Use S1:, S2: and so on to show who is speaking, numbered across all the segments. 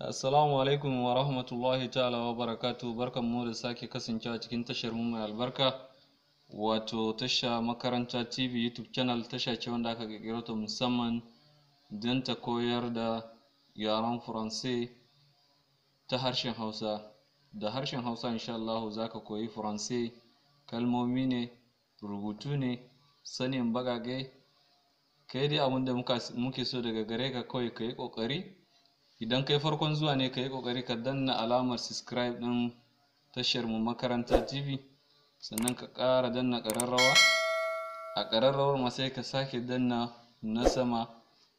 S1: Assalamu alaikum wa rahmatullahi ta'ala wa barakatu barkan mu da sake kasancewa cikin tashar mu mai albarka wato tasha makaranta TV YouTube channel tasha ce wanda aka kirkira ta musamman don ta koyar da yaren Faransai ta harshen Hausa da harshen Hausa insha Allah ka koyi Faransai kalmomi ne rubutu ne sanin bagage kai dai da muke so daga gare ka kawai ka yi ƙoƙari idan kai farkon zuwa ne ka yi ƙoƙari ka danna alamar subscribe ɗin tashar mu makaranta tv sannan ka ƙara danna ƙararrawa a ƙararrawar ma sai ka sake danna na sama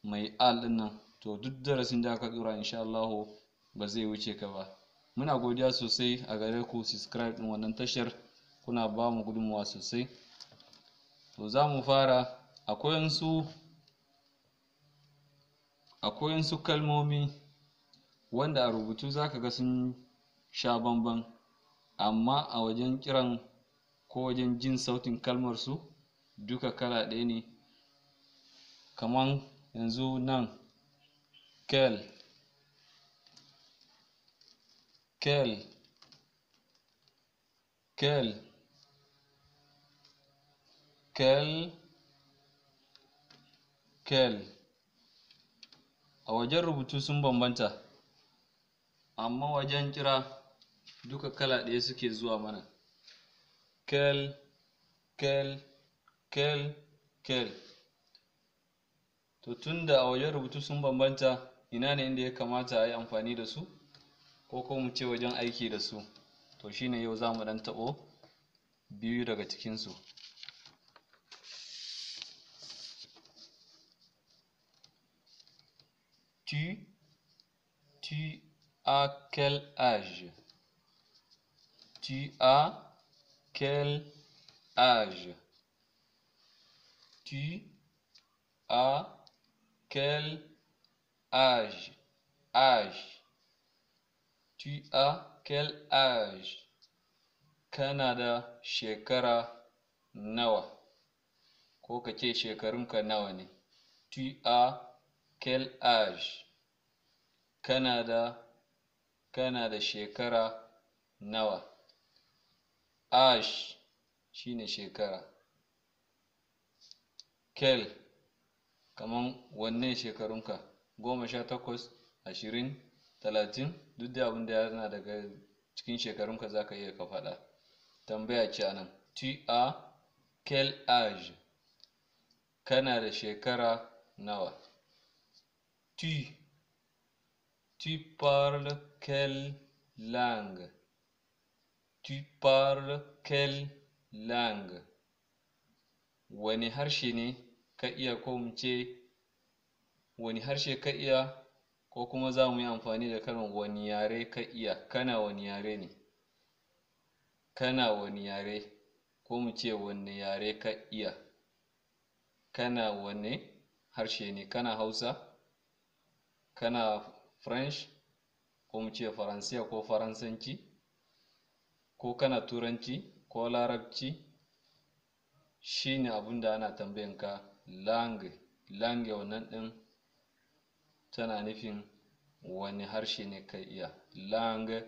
S1: mai al ɗin to duk darasin da aka ɗora insha Allah ba zai wuce ka ba muna godiya sosai a gare ku subscribe ɗin wannan tashar kuna ba mu gudunmawa sosai to za mu fara akwai wasu kalmomi wanda a rubutu za ka ga sun sha bamban amma a wajen kiran ko wajen jin sautin kalmarsu, duka kala ɗaya ne kaman yanzu nan kel kel kel kel kel a wajen rubutu sun bambanta amma wajen kira duka kala ɗaya suke zuwa mana kel kel kel kel to tunda a wajen rubutu sun bambanta ina ne inda ya kamata a yi amfani da su ko kuma mu ce wajen aiki da su to shine yau za mu ɗan taɓo biyu daga cikinsu t t à quel âge Tu as quel âge Tu as quel âge Âge. Tu as quel âge Kana shekara nawa ko ka ce shekarunka nawa ne? Tu as quel âge Kana da kana da shekara nawa ash shine shekara kel kaman wannan shekarunka goma sha takwas ashirin talatin duk da abin da yana daga cikin shekarunka za ka iya ka faɗa tambaya ce anan tu a kel age kana da shekara nawa Ti. Tu parles quelle langue Tu parles quelle langue Wani harshe ne ka iya ko mu ce wani harshe ka iya ko kuma za mu yi amfani da kalmar wani yare ka iya kana wani yare ne kana wani yare ko mu ce wani yare ka iya kana wani harshe ne kana hausa kana french ko mu ce faransiya ko faransanci ko kana turanci ko larabci shine abin da ana ka lange lange wannan ɗin tana nufin wani harshe ne ka iya lange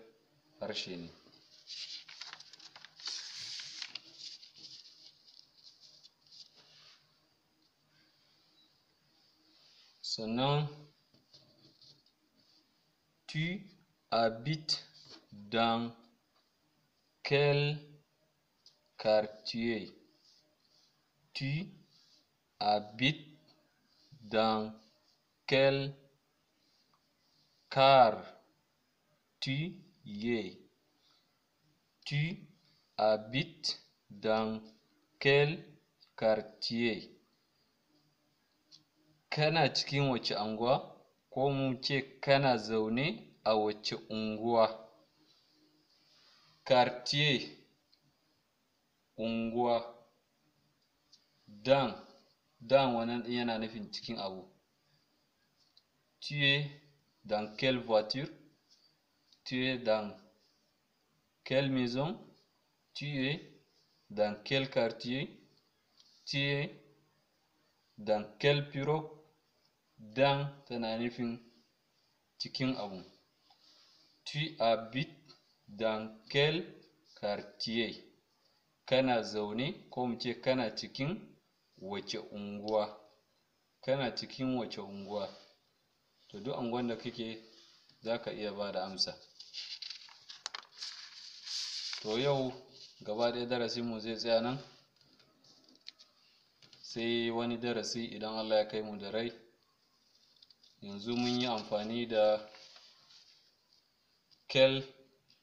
S1: harshe ne sannan Tu habites dans quel quartier? Tu habites dans quel Tu habites dans quel quartier? Kana cikin wace anguwa ko mu ce kana zaune a wacce unguwa cartier unguwa dan dan wannan yana nufin cikin abu tu es dans quelle voiture tu es dans quelle maison tu es dans quel quartier tu es dans quel bureau Dan tana nufin cikin abu. Tu habites Dan kel kartiye Kana zaune ko mu ce kana cikin wace unguwa? Kana cikin wace unguwa? To duk unguwan da kake za ka iya ba da amsa. To yau gaba ɗaya mu zai tsaya nan, sai wani darasi idan Allah ya kai mu da rai. yanzu mun yi amfani da kel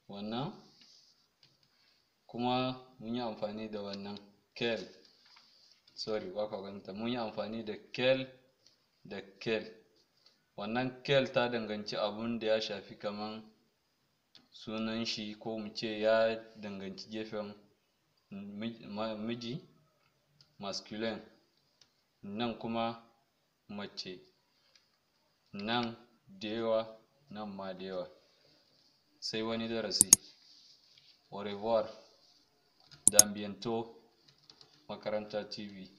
S1: wannan kuma mun yi amfani da wannan kel sorry ba ganta mun yi amfani da kel da kel wannan kel ta danganci abun da ya shafi kaman sunan shi ko mu ce ya danganci gefen miji masculine nan kuma mace nan da yawa nan ma da yawa sai wani darasi au revoir da makaranta tv